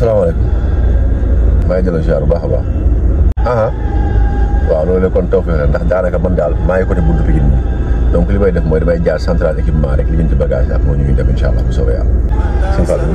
salaamaaleykum maa ngi jëloon ziar bu baax a baax ah waaw loolu la kon tawfeex la ndax daanaka man daal maa ngi côté buntu bi donc li may def mooy damay jaar central équipement rek li jëm ci bagage ak moo ñu ngi dem incha allah bu soobee yàlla. sëñ Fallou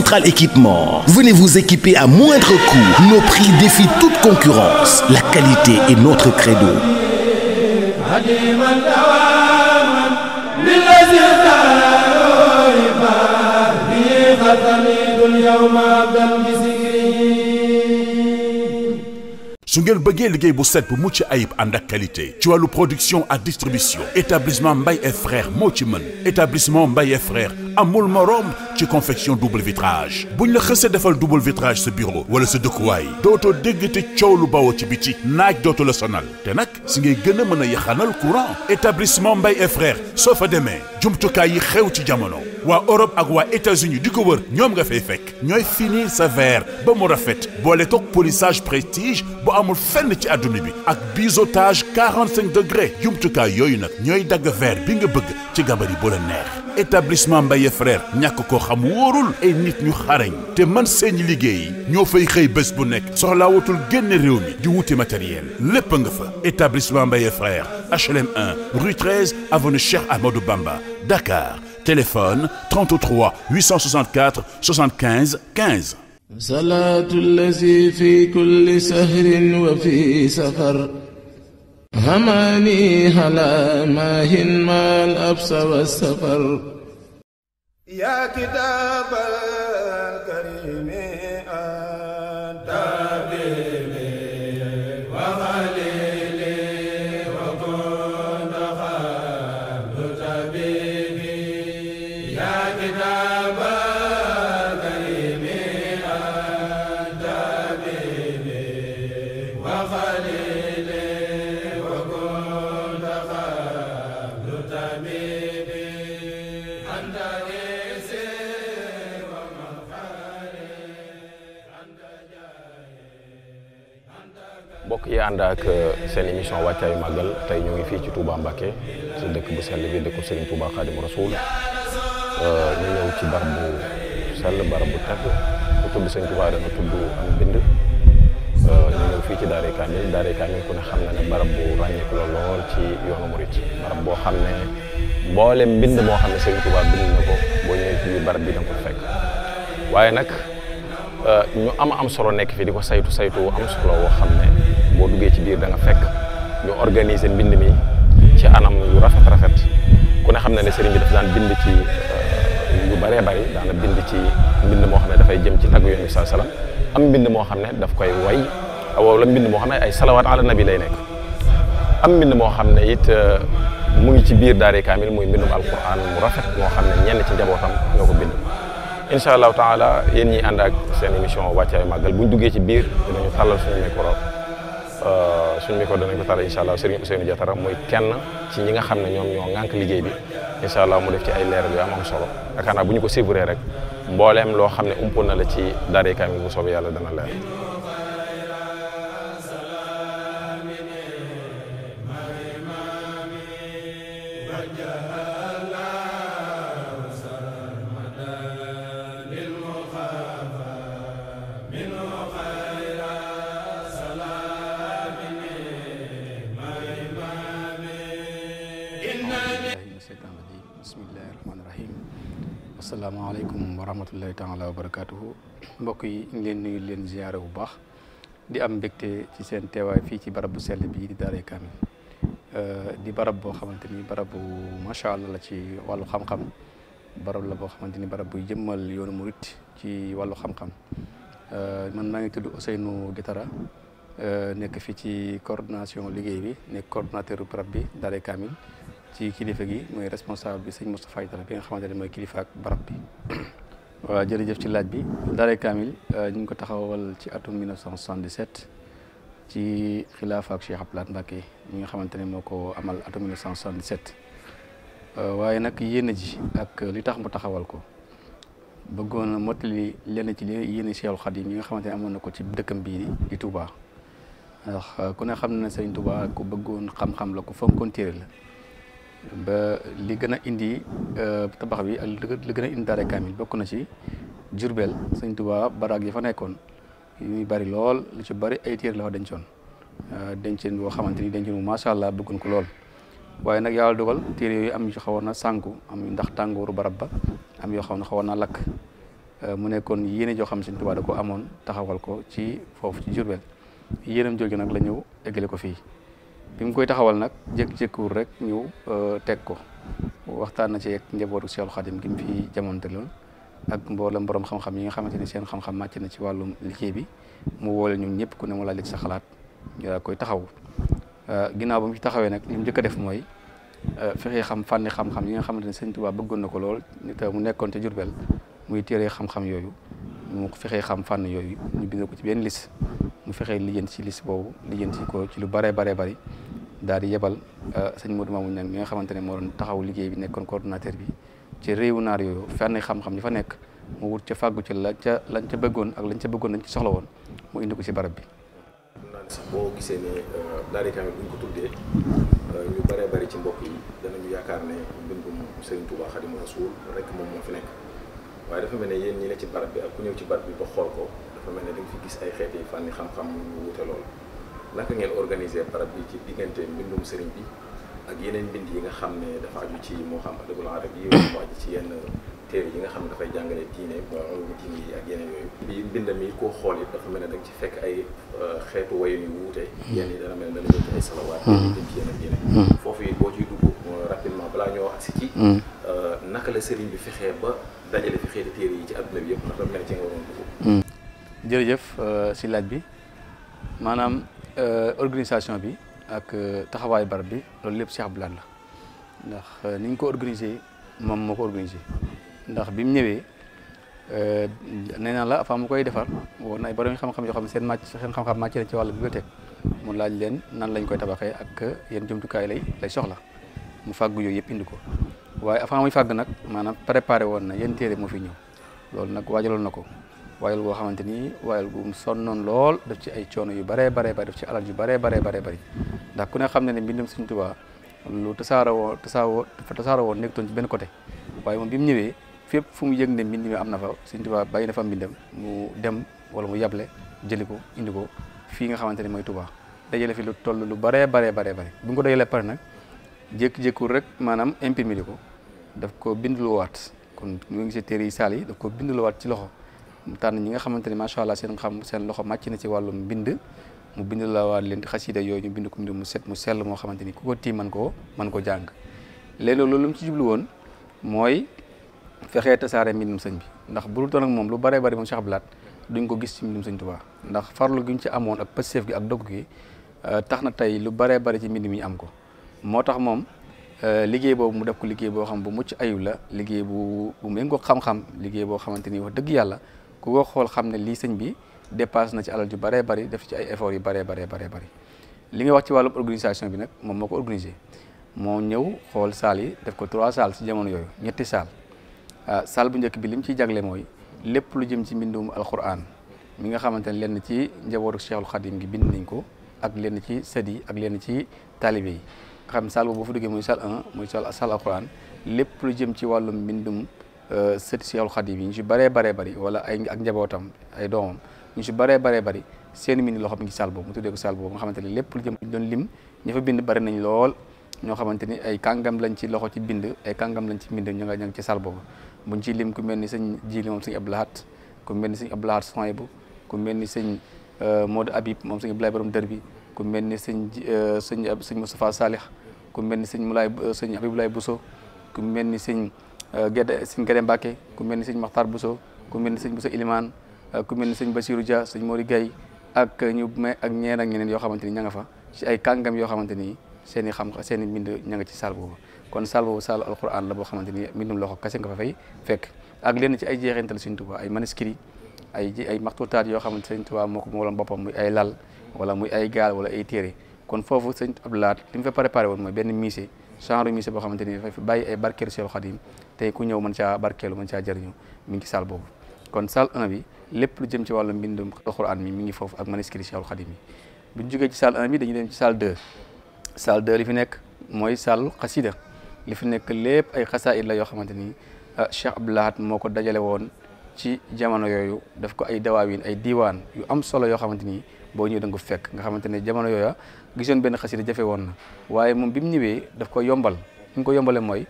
Central Équipement. Venez vous équiper à moindre coût. Nos prix défient toute concurrence. La qualité est notre credo. su ngeen bëggee liggéey bu set bu mucc ayib ànd ak qualité ci wàllu production ak distribution établissement Mbaye et frères moo ci mën établissement Mbaye et frères amul morom ci confection double bu ñu la xësee defal double vitrage sa bureau wala sa dëkkuwaay dootoo dégg te coow lu bawoo ci biti naaj dootu la sonal te nag si ngay gën a mën a yaxanal courant établissement Mbaye et frères soo fa demee jumtukaay yi xew ci jamono waa Europe ak waa états di ko wër ñoom nga fay fekk ñooy finir sa verre ba mu rafet boole kook polissage prestige bu amul fenn ci adduna bi ak biseautage 45 degrés jumtukaay yooyu nag ñooy dagg verre bi nga bëgg ci gabari bu la neex établissement Mbaye frère ñàkk koo xam wóorul ay nit ñu xarañ te man seeni liggéey ñoo fay xëy bés bu nekk soxlaa wutul génne réew mi di wuti matériel lépp nga fa établissement Mbaye frère HLM 1 rue 13 avenue Cheikh Amadou Bamba Dakar téléphone 33 864 75 15. salaatu fi kulli sahrin wa fi safar. هماني هلا ماهن ما الأبس والسفر يا كتاب bokk yi ànd euh, seen émission wàccaayu màggal tey ñoo ngi fii ci Touba Mbacké ci dëkk bu sell bi dëkku euh, bu sell barab bu tedd ku tudd Serigne Touba dana tudd euh, fii ci Daaray Kamil Daaray Kamil ku ne xam na barab bu ràññeeku la lool ci yoonu murit barab boo xam ne mboolem mbind moo xam ne Serigne Touba bind na ko boo ñëwee ci barab bi da ko fekk waaye nag ñu am am solo nekk fi di ko saytu saytu am solo woo xam ne boo duggee ci biir danga fekk ñu organiser mbind mi ci anam yu rafet rafet ku ne xam na ne sëriñ bi daf daan bind ci yu euh, bëree bëri daana bind ci mbind moo xam ne dafay jëm ci tagg yooyu bi saa salaam mbind moo xam ne daf koy way wala mbind moo xam ne ay salawaat ala nabi lay nekk am mbind moo xam ne it euh, mu ngi ci biir daari kaamil muy mbindum alquran mu rafet moo xam ne ñenn ci njabootam ñoo ko bind incha allahu taala yéen ñi ànd ak seen émission wàccaay bu ñu duggee ci biir dinañu tàllal suñu micro Euh, suñu micro danañ ko taal incha allah Serigne Ousseynou Diatara muy kenn ci ñi nga xam ne ñoom ñoo ŋànk liggéey bi incha allah mu def ci ay leeral yu am am solo yaakaar naa bu ñu ko suivre rek mbooleem loo xam ne umpoon na la ci daaree kaamil bu soobee yàlla dana leer. rahmatullahi taala wa barakaatuhu mbokk yi ngeen nuyu leen ziyaare bu baax di am mbégte ci seen teewaay fii ci barab bu sell bii di Daaray Kaamil euh, di barab boo xamante ni barab bu macha allah la ci wàllu xam-xam barab la boo xamante ni barab buy jëmmal yoonu murit ci wàllu xam-xam euh, man maa ngi tudd Ousseynou Guitara euh, nekk fii ci coordination liggéey bi nekk coordonnateur barab bi Daaray Kaamil ci kilifa gi mooy responsable bi sëñ Moustapha Aïdara bi nga xamante ne mooy kilifa barab bi waaw jërëjëf ci laaj bi daaray kaamil euh, ñu ngi ko taxawal ci atum 1977 ci xilaafa ak Cheikh Abdou Lahad Mbacké ñi nga xamante ne moo ko amal atum 1977 euh, waaye nag yéene ji ak li tax mu taxawal ko bëggoon a mottali lenn ci li yéene Cheikhul Khadim yi nga xamante ne amoon na ko ci dëkkam bii di Touba ndax euh, ku ne xam na ne Serigne Touba ku bëggoon xam-xam la ko fonkoon téere la ba li gën a indi euh, tabax bi ak li gën a indi daara kaamil bokk na ci Jurbel Sëñ Tuubaa baraag yi fa nekkoon yu bari lool lu ci bari ay téere la fa dencoon euh, denceen boo xamante ni denceen bu macha allah bëggoon ko lool. waaye nag yàlla dogal téere yooyu am ci xawoon na sànku am ndax tàngooru barab ba am yoo xam ne xawoon na lakk euh, mu nekkoon yéene joo xam Sëñ Tuubaa da ko amoon taxawal ko ci foofu ci Jurbel yéenam jooju nag la ñëw eggale ko fii. bi mu koy taxawal nag jékki-jékkiwul rek ñëw euh, teg ko waxtaan na ci ek njabootu Seexul Xadim gi mu fi jamonte loon ak mboolem borom xam-xam yi nga xamante ni seen xam-xam na ci wàllum liggéey bi mu woole ñun ñëpp ku ne mu laaj sa xalaat yaa koy taxaw euh, ginnaaw ba mu taxawee nag njëkk a def mooy euh, fexe xam fànni xam-xam yi nga xamante ni Sëñ Tuubaa bëggoon na ko lool te mu nekkoon ca Jurbel muy téere xam-xam yooyu mu fexee xam fànn yooyu ñu bind ko ci benn liste mu fexee lijjanti ci liste boobu lijjanti ko ci lu baree baree bari daal di yebal euh, sëñ Modou Mamoun Niang mi nga xamante ne moo doon taxaw liggéey bi nekkoon coordonnateur bi ci réewu naar yooyu fenn xam-xam yi fa nekk mu wut ca fàggu ci la ca lañ ca bëggoon ak lañ ca bëggoon lañ ci soxla woon mu indi ko ci barab bi. boo gisee ne euh, daari kaamil buñ ko tuddee euh, ñu baree bari ci mbokk yi danañu yaakaar ne mbindum Sëriñ waaye dafa mel ne yéen ñi ne ci barab bi ak ku ñëw ci barab bi ba xool ko dafa mel ne da nga fi gis ay xeet yi fànni xam-xam yu wute lool naka ngeen organiser barab bi ci diggante mbindum sëriñ bi ak yeneen mbind yi nga xam ne dafa aju ci moo xam adabul arab yi wala mu aju ci yenn téere yi nga xam dafay jàngale diine wala diine yi ak yeneen bi mbind mi koo xool yi dafa mel ne da ci fekk ay euh, xeetu wayu yu wuute yenn yi dana mel ne dana jot ay salawaat yi mm-hmm. dem ci yeneen yeneen la sëriñ bi hmm. jërëjëf euh, si laaj bi maanaam euh, organisation bi ak euh, taxawaay barab bi loolu lépp Cheikh Abdoulaye la ndax ni ñu ko organisé moom moo ko organisé ndax bi mu ñëwee nee naa la fa mu koy defar woon ay borom xam-xam yoo xam ne seen màcc seen xam-xam màcc na ci wàllu bibliothèque mu laaj leen nan lañ koy tabaxee ak yenn jumtukaay lay lay soxla mu fàggu yooyu yëpp indi ko. waaye avant muy fàgg nag maanaam préparé woon na yéen téere moo fi ñëw loolu nag waajaloon na ko waajal goo xamante ni waajal gu mu sonnoon lool def ci ay coono yu baree baree bari def ci alal yu baree baree baree bëri ndax ku xam ne ne mbindum Sëriñ Tuubaa lu tasaara woo tasaawoo tasaara woon nekkutoon ci benn côté waaye moom bi ñëwee fépp fu mu yëg ne mbind mi am na fa Sëriñ Tuubaa bàyyi na fa mbindam mu dem wala mu yable jëli ko indi ko fii nga xamante ne mooy Tuubaa dajale fi lu toll lu baree baree baree bëri bu ko dajalee pare nag jékki-jékkiwul rek maanaam imprimé ko daf ko bindluwaat kon ñu ngi si téere yi saal yi daf ko bindluwaat ci loxo mu tànn ñi nga xamante ne macha allah seen xam seen loxo màcc na ci wàllum mbind mu bindluwaat leen xasida yooyu ñu bind ku mbind mu set mu sell moo xamante ni ku ko tii mën koo mën ko jàng léegi loolu mu ci jublu woon mooy fexee tasaare mbindum sëñ bi ndax bu dul toon ak moom lu baree bari moom Cheikh Abdou Lahad duñ ko gis ci mbindum sëñ Tuubaa ndax farlu gi ñu ci amoon ak pësteef gi ak dogg gi euh, tax na tey lu baree bari ci mbind mi ñu am ko moo tax moom euh, liggéey boobu mu def ko liggéey boo xam bu mucc ayib la liggéey bu bu méngoo xam-xam liggéey boo xamante ni wax dëgg yàlla ku ko xool xam ne lii sëñ bi dépasse na ci alal ju baree bari def ci ay efforts yu baree baree bari li nga wax ci wàllu organisation bi nag moom moo ko organisé moo ñëw xool saal yi def ko trois salles si jamono yooyu ñetti saal ah, saal bu njëkk bi lim ciy jagle mooy lépp lu jëm ci mbindum alquran mi nga xamante ne lenn ci njabootu Cheikhul gi bind nañ ko ak lenn ci sët yi ak ci taalibe xam saal boobu boo fa duggee muy saal 1 muy saal saal alquran lépp lu jëm ci wàllum mbindum euh, sët Seexul Xadiim bi ñu si bëree bare bari wala ay ak njabootam ay doomam ñu si bëree baree bari seen mbind loo xam ne ngi saal boobu mu tuddee ko saal boobu nga xamante ni lépp lu jëm doon lim ña fa bind bëri nañ lool ñoo xamante ni ay kàngam lañ ci loxo ci bind ay kàngam lañ ci bind ñu nga ña ci saal boobu buñ ci lim ku mel ni sëñ jili moom sëñ ablahat ku mel ni sëñ ablahat soy bu ku mel ni sëñ euh, Modou Habib moom sëñ Ablaye borom bi ku mel ni sëñ euh, sëñ sëñ Moustapha Salih ku mel ni sëñ Moulay sëñ Abibulaay Bousso ku mel ni sëñ euh, Gede sëñ Gede Mbacke ku mel ni sëñ Makhtar Bousso ku mel ni sëñ Bousso Ilimane euh, ku mel ni sëñ Bassirou Dia sëñ Mori Gaye ak ñu ñeen ak ñeneen yoo xamante ni ña nga fa ci ay kàngam yoo xamante ni seen i xam seen i mbind ña nga ci saal kon saal boobu saal alquran la boo xamante ni mbindum loxo kese nga fa fay fekk ak lenn ci ay nta Sëñ Tuubaa ay manuscrits ay ay maxtutaat yoo xamante Sëñ Tuubaa moo ko mooloon boppam muy ay laal wala muy ay gaal wala ay téere kon foofu sëñ Abdou Lahad li mu fa préparé woon mooy benn musée genre musée boo xamante ni dafay bàyyi ay barkeelu Seexul Xadim te ku ñëw mën caa barkeelu mën saa jëriñu mi ngi ci boobu kon salle 1 bi lépp lu jëm ci wàllu mbindum alxuraan mi mi ngi foofu ak manuscrit Seexul Xadim yi bu ñu jógee ci salle 1 bi dañu dem ci salle 2 salle li fi nekk mooy salle xasida li fi nekk lépp ay xasaayid la yoo xamante ni ah, Cheikh Abdou moo ko dajale woon ci jamono yooyu daf ko ay dawaawin ay diiwaan yu am solo yoo xamante ni boo ñëw da ko fekk nga xamante ne jamono yooya gisoon benn xasida jafe woon na waaye moom bi mu ñëwee daf ko yombal li ñu ko yombalee mooy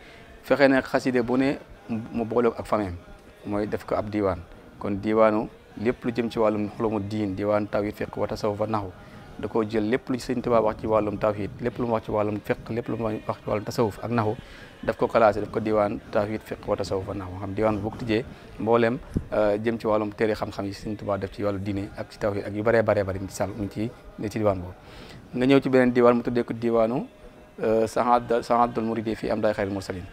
fexe ne xasida bu ne mu boole ak famem mooy def ko ab diwaan kon diwaanu lépp lu jëm ci wàllum xulumu diin diwaan taw yi fiqh wata tasawuf wa naxu da koo jël lépp lu sëñ Tuubaa wax ci wàllum tawhid lépp lu mu wax ci wàllum fiq lépp lu mu wax ci wàllum tasawuf ak naxu daf ko classé daf ko diwaan tawhid fiq wa tasawuf ak naxu xam diwaan bu ko tijjee mbooleem euh, jëm ci wàllum téere xam-xam yi sëñ Tuubaa def ci wàllu diine ak ci tawhid ak yu bëree bëree bëri mu ci mu ci ci diwaan boobu nga ñëw ci beneen diwaan mu tuddee ko diwaanu euh, sahaadatul muridi fii am daay xayril mursalin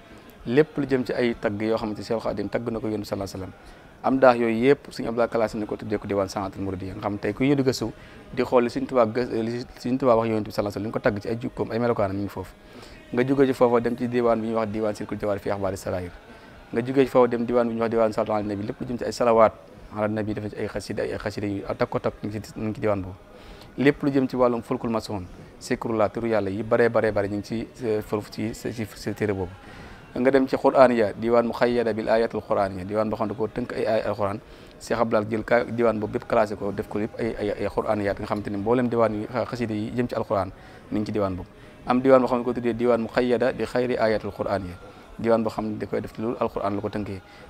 lépp lu jëm ci ay tagg yoo xamante Seex Xaadim tagg na ko yónent bi sallallahu am daax yooyu yëpp suñu Abdou Lahad Kalasi ne ko tuddee ko diwaan Sanatul Muridiyya nga xam tey ku yëdu gëstu di xool li Sëriñ Tuubaa gës li Sëriñ Tuubaa wax Yonent bi sallallahu alayhi wasallam li ñu ko tagg ci ay jukkoom ay melokaanam mi ngi foofu nga jóge ci foofa dem diwaan bi ñuy wax diwaan Sirkul Jawaar fi axbaari nabi lépp lu jëm ci ay salawaat ala nabi def na ci ay xasida ay xasida yu takko takk ñu ngi ci ci diwaan boobu lépp lu jëm ci wàllum fulkul masoon sikrullah turu yàlla yi baree baree bare ñu ngi ci euh, foofu ci téere boobu nga dem ci quraan ya diwaan mu xayyada bil ayatul quraan ya diwaan boo xam ne koo tënk ay ay alquran Cheikh Abdoulaye jël ka ko def ko yëpp ay ay ay quraan yaat nga xamante ni mboolem diwaan yi xasida yi jëm ci am diwaan boo ne ko tuddee diwaan mu xayyada bi xayri ayatul quraan diwaan boo xam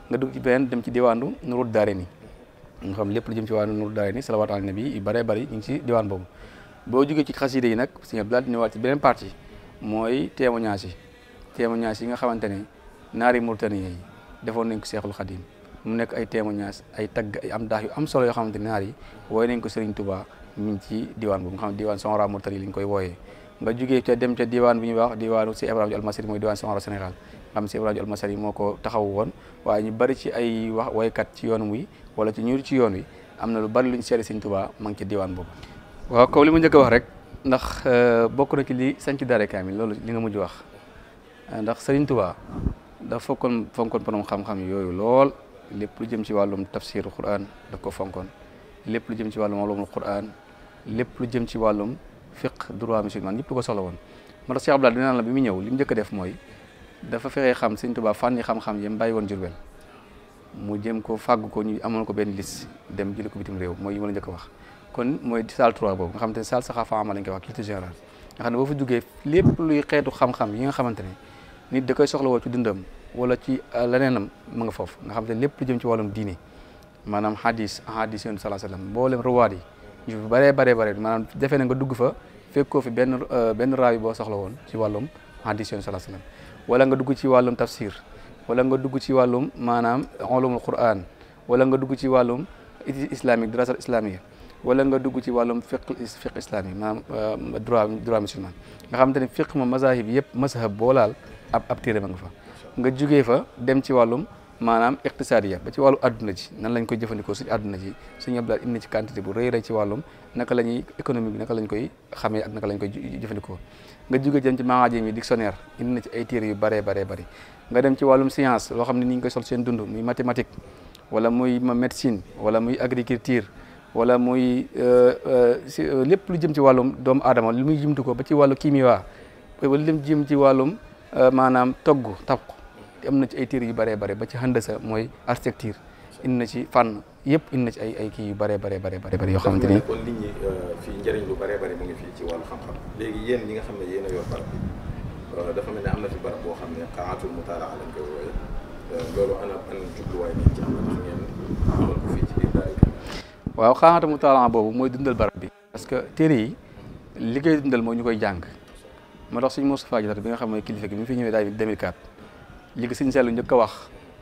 ne da beneen dem xam lépp lu jëm ci waanu nurul daare ni salawaat ala nabi yu bëree bëri ñu ngi ci diwaan boobu boo jógee ci xasida yi nag Cheikh Abdoulaye dina waat ci beneen partie mooy témoignage yi témoignage yi nga xamante ne naari Mauritanie yi defoon nañ ko Seexul Xadim mu nekk ay témoignage ay tagg ay am daax yu am solo yoo xamante naar yi wooye nañ ko Serigne tubaa mi ngi ci diwaan boobu nga xam ne diwaan Sonra Mauritanie lañ koy wooyee nga jógee ca dem ca diwaan bi ñuy wax diwaanu si Ibrahima Almasari mooy diwaan Sonra Sénégal xam si Ibrahima ko taxaw woon waaye ñu bari ci ay wax woykat ci yoon wi wala ci ñuur ci yoon wi am na lu bari luñ seede Serigne Touba ma ngi ci diwaan boobu waaw kaw li ma njëkk a wax rek ndax euh, bokk na ci li sanc daare kaamil loolu li nga mujj wax ndax Serigne Touba dafa fokkoon fonkoon borom xam-xam yooyu lool lépp lu jëm ci wàllum tafsiru Qur'an daf ko fonkoon lépp lu jëm ci wàllum ulumul Qur'an lépp lu jëm ci wàllum fiqh droit musulman ñëpp lu ko soxla woon. moo tax dinaa la bi mu ñëw li mu njëkk a def mooy dafa fexee xam Serigne Touba fànni xam-xam yi mu bàyyi woon Jurbel mu jëm ko fàgg ko ñu amoon ko benn liste dem jëli ko bitim réew mooy yi ma la njëkk wax. kon mooy salle 3 boobu nga xamante ne salle saxaafa amal lañ koy wax culture générale nga xam xeetu xam yi nga xamante ne ni da koy soxlawoo ci dundam wala ci euh, leneenam ma nga foofu nga xam te lépp lu jëm ci wàllum diine maanaam hadis hadis yoon salaa sallam mboolem ruwaat yi ñu fi bëree bëree bëri maanaam defee na nga dugg fa ko fi benn euh, benn raawi boo soxla woon ci wàllum hadis yoon salaa sallam wala nga dugg ci wàllum tafsir wala nga dugg ci wàllum maanaam ulumul quran wala nga dugg ci wàllum islamique dirasal islamique wala nga dugg ci wàllum fiq fiq islamique maanaam euh, droit droit musulman nga xam te ne fiq moom mazahib yëpp mazhab boo laal ab ab téere ma nga fa nga jugee fa dem ci wàllum maanaam iqtisaadiya ba ci wàllu àdduna ji nan lañ koy jëfandikoo suñu adduna ji suñu abdoulaye indi ci quantité bu rëy rëy ci wàllum naka lañuy ñuy économie bi naka lañu koy xamee ak naka lañ koy jëfandikoo nga jugee dem ci maajim mi dictionnaire indi na ci ay téere yu baree baree bëri nga dem ci wàllum science loo xam ne ni ñu koy sol seen dund muy mathématique wala muy médecine wala muy agriculture wala muy euh, euh, euh, lépp lu jëm ci wàllum doomu aadama lu muy jumtu ko ba ci wàllu kimia ci wàllum Euh, maanaam togg tabq am na ci ay téere yu bëree bëri ba ci handasa mooy architecture indi na ci fan yëpp indi na ci ay ay kii yu bëree bëree bëri bëri yoo xamante ni kon nit euh, fii njëriñ lu bëree bëri mu fii ci wàllu xam-xam léegi yéen ñi nga xam ne yéen a yor bi euh, dafa mel ne mu taala boobu mooy dundal barab bi parce que téere yi liggéey koy dundal mooy ñu koy jàng moo tax sëñ Moustapha Diatta bi nga xam ne kilifa gi bi mu fi ñëwee daal 2004 li ko sëñ Saliou njëkk a wax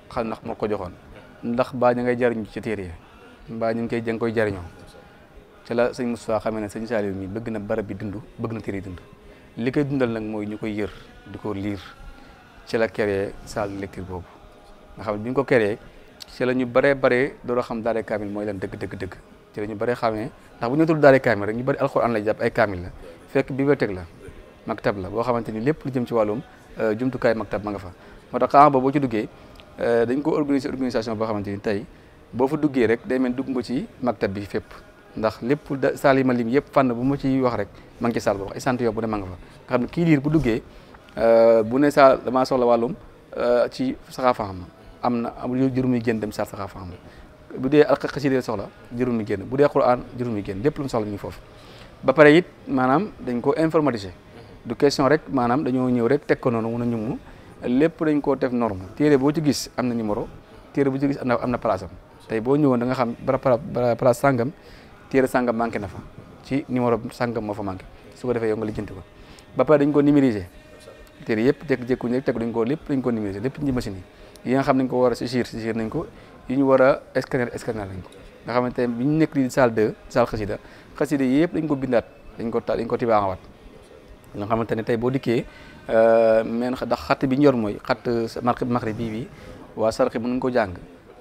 xam ndax moo ko joxoon ndax baa ñu ngay jariñu ci téere mbaa ñu ngi koy jëng jariñoo ci la sëñ Moustapha xamee ne sëñ Saliou mi bëgg na barab bi dund bëgg na téere dund li koy dundal nag mooy ñu koy yër di ko liir ci la créé salle de boobu nga xam ne bi ñu ko créé ci la ñu baree baree doora xam daare kaamil mooy lan dëgg dëgg dëgg ci la ñu baree xame ndax bu ñu tudd daare kaamil rek ñu bari alxuraan la jàpp ay kaamil la fekk bibliothèque la maktab la boo xamante ni lépp lu jëm ci wàllum euh, jumtukaay maktab ma nga fa moo tax xaama ba boo ci duggee euh, dañ ko organiser organisation boo xamante ni tey boo fa duggee rek day mel dugg nga ci maktab bi fépp ndax lépp saal yi ma lim yëpp fànn bu ma ciy wax rek ma ngi ci saal boo wax sant yow bu ne ma nga fa nga xam kii liir bu duggee euh, bu ne saal damaa soxla wàllum ci saxaafaam am na am yi génn dem saal saxaafaam bu dee si ak xasida soxla juróomi génn bu dee Qur'an juróomi génn lépp lu mu soxla ñu foofu ba pare it maanaam dañ ko informatiser du question rek maanaam dañoo ñëw rek teg noonu mun a ñëw lépp dañ koo def norme téere boo ci gis am na numéro téere boo ci gis am na am na place am tey boo ñëwoon da nga xam bara place sàngam téere sàngam manqué na fa ci numéro sàngam moo fa manqué su ko defee yow nga lijjanti ko ba dañ ko numériser téere yëpp jékki-jékkuñu rek teg dañ ko lépp dañ ko numériser lépp ci machine yi nga xam nañ ko war a sigir sigir nañ ko yi ñu war a scanner ko nga xamante ne bi ñu nekk di salle 2 yëpp dañ ko bindaat dañ ko ta dañ ko tibaaxawaat nga xamante ne tey boo dikkee men euh, ndax xatt bi ñor mooy xatt marque maghrib bii bi waa sarxi mën nga ko jàng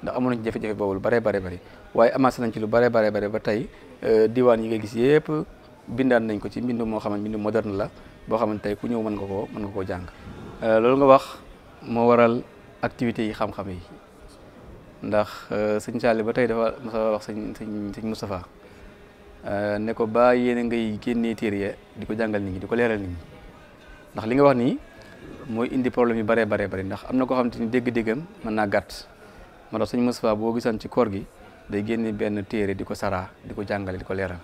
ndax amoon nañ ci jafe boobu lu bare bare bare waaye amassé nañ ci lu bare bare bare ba tey euh, diwaan yi nga gis yëpp bindaan nañ ko ci mbind moo xam ne mbind moderne la boo xam ne tey ku ñëw mën nga koo mën nga koo jàng euh, loolu nga wax moo waral activités yi xam-xam yi ndax sëñ Saali ba tey dafa mas wax sëñ sëñ sëñ Moustapha Euh, ne ko ba yéene ngay génnee téere ya di ko jàngal nit ñi di ko leeral nit ñi ndax li nga wax nii mooy indi problème yu bare baree bari ndax am na koo xam te ni dégg-déggam mën naa gàtt moo tax sëñ Moustapha boo gisaan ci koor gi day génne benn téere di ko saraa di ko jàngale di ko leeral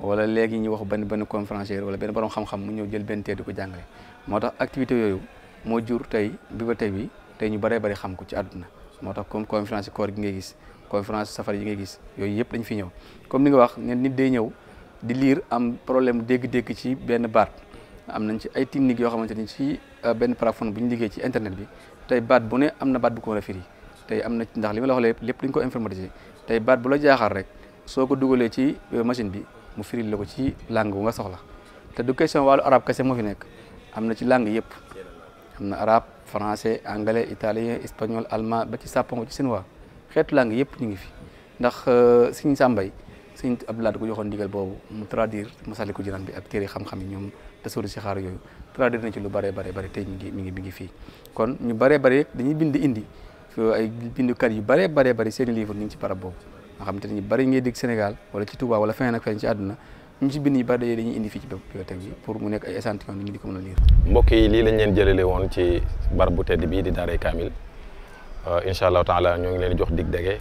wala léegi ñu wax benn benn conférencier wala benn borom xam-xam mu ñëw jël benn téere di ko jàngale moo tax activité yooyu moo jur tey bi ba tey bi tey ñu baree bari xam ko ci àdduna moo tax comme conférence koor gi ngay gis conférence safari yi ngay gis yooyu yëpp dañ fi ñëw comme ni nga wax ne nit day ñëw di liir am problème dégg-dégg ci benn baat am nañ ci ay techniques yoo xamante ni ci euh, benn plateforme bu ñu liggéey ci internet bi tey baat bu ne am na baat bu ko war firi tey am na ndax li ma la wax lépp dañ ko informatiser tey baat bu la jaaxal rek soo ko dugalee ci euh, machine bi mu firi la ko ci langue bu nga soxla te du question wàllu arabe kese moo fi nekk am na ci langue yëpp am na arabe français anglais italien espagnol allemand ba ci sàppango ci sinwaa xeetu langue yëpp ñu ngi fi ndax euh, Sëriñ Sàmbay Sëriñ Abdoulaye da ko joxoon ndigal boobu mu traduire Masaalikul Jinaan bi ak téere xam-xam yi ñoom te sori si xaar yooyu traduire na ci lu bare bare bare tey mi ngi mi ngi mi ngi fii kon ñu bare bare dañuy bind indi ay bindukat yu bare bare bare seen boobu nga xam te ñu bari ngay dégg Sénégal wala ci Touba wala a ak feneen ci àdduna ñu ci bind yi bari dañuy indi fii ci bibliothèque mu nekk ay échantillon nit yi lii lañ leen jëlale woon ci bu tedd bii di Daaray Kaamil Euh, incha allahu taala ñoo ngi leen jox dig dege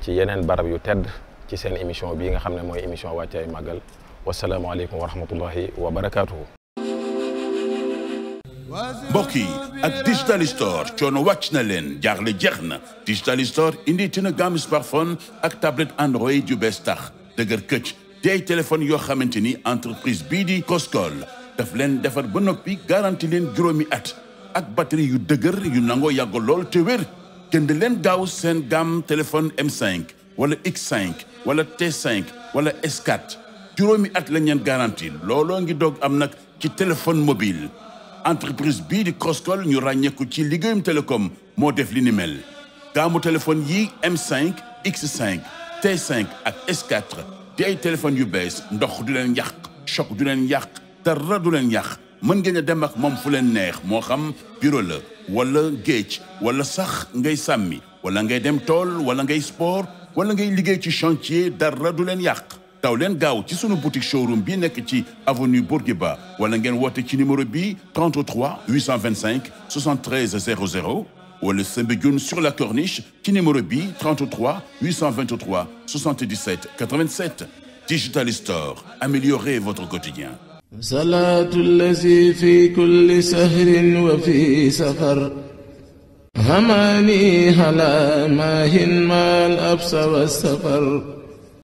ci yeneen barab yu tedd ci seen émission bii nga xam ne mooy émission wàccaay màggal wasalaamaaleykum wa rahmatullahi wa barakaatuhu. mbokk yi ak digital store coono wàcc na leen jaaxle jeex na digital store indi na gamme smartphone ak tablette android yu bees tax dëgër këcc di ay téléphone yoo xamante ni entreprise bii di Coscol daf leen defar ba noppi garanti leen juróomi at ak batterie yu dëgër yu nangoo yàgg lool te wér. jënd leen gaaw seen gamme téléphone M5 wala X5 wala t wala S4 juróomi at lañ leen garantie looloo ngi doog am nag ci téléphone mobile entreprise bii di Crosscall ñu ràññeeku ci liggéeyum télécom moo def li ni mel gaamu téléphone yi M5 X5 t ak S4 di ay téléphones yu bees ndox du leen yàq choc du leen yàq dara du leen yàq mën ngeen dem ak moom fu leen neex moo xam bureau la wala géej wala sax ngay sàmmi wala ngay dem tool wala ngay sport wala ngay liggéey ci chantier dara du leen yàq taw leen gaaw ci sunu boutique showroom bi nekk ci avenue Bourguiba wala ngeen woote ci numéro bi 33 825 73 00 wala Soumbédioune sur la corniche ci numéro bi 33 823 77 87 Digital Store améliorez votre quotidien salaatu lazi fi kulli sahrin wa fi safar hamaani halaa maahin maal absa wa safar